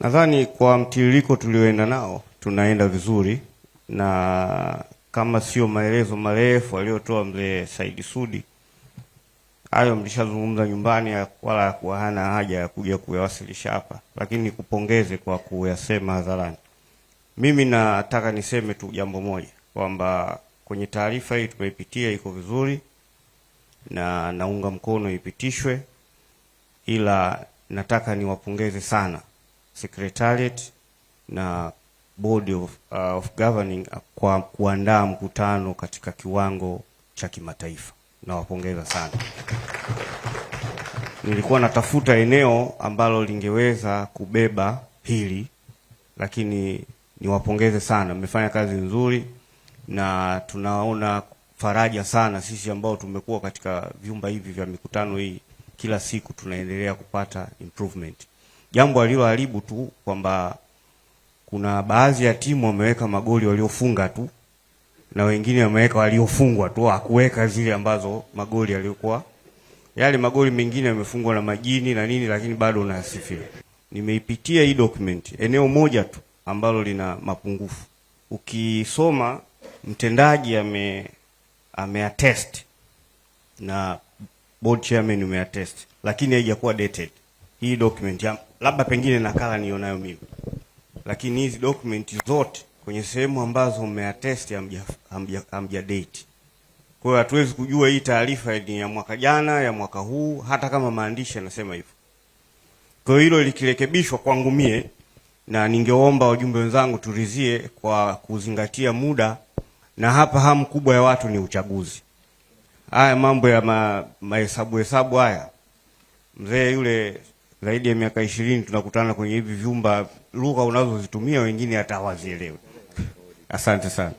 Nadhani kwa mtiririko tulioenda nao tunaenda vizuri, na kama sio maelezo marefu aliyotoa mzee Saidi Sudi, hayo mlishazungumza nyumbani, wala kwa hana haja ya kuja kuyawasilisha hapa, lakini nikupongeze kwa kuyasema hadharani. Mimi nataka niseme tu jambo moja kwamba kwenye taarifa hii tumeipitia, iko vizuri na naunga mkono ipitishwe, ila nataka niwapongeze sana secretariat na board of, uh, of governing kwa kuandaa mkutano katika kiwango cha kimataifa. Nawapongeza sana. Nilikuwa natafuta eneo ambalo lingeweza kubeba hili, lakini niwapongeze sana, mmefanya kazi nzuri na tunaona faraja sana sisi ambao tumekuwa katika vyumba hivi vya mikutano hii kila siku tunaendelea kupata improvement jambo aliloharibu tu kwamba kuna baadhi ya timu wameweka magoli waliofunga tu na wengine wameweka waliofungwa tu, hakuweka zile ambazo magoli yaliokuwa yale magoli mengine yamefungwa na majini na nini, lakini bado unasifia. Nimeipitia hii document, eneo moja tu ambalo lina mapungufu. Ukisoma mtendaji ame ameattest na board chairman umeattest, lakini haijakuwa dated hii document ya labda pengine nakala nionayo mimi, lakini hizi dokumenti zote kwenye sehemu ambazo mmeatesti hamja date. Kwa hiyo hatuwezi kujua hii taarifa ni ya mwaka jana, ya mwaka huu, hata kama maandishi yanasema hivyo. Kwa hiyo hilo likirekebishwa kwangu mie, na ningeomba wajumbe wenzangu tulizie kwa kuzingatia muda, na hapa hamu kubwa ya watu ni uchaguzi. Haya mambo ya mahesabu hesabu haya, mzee yule zaidi ya miaka ishirini tunakutana kwenye hivi vyumba, lugha unazozitumia wengine hata hawazielewi. Asante sana.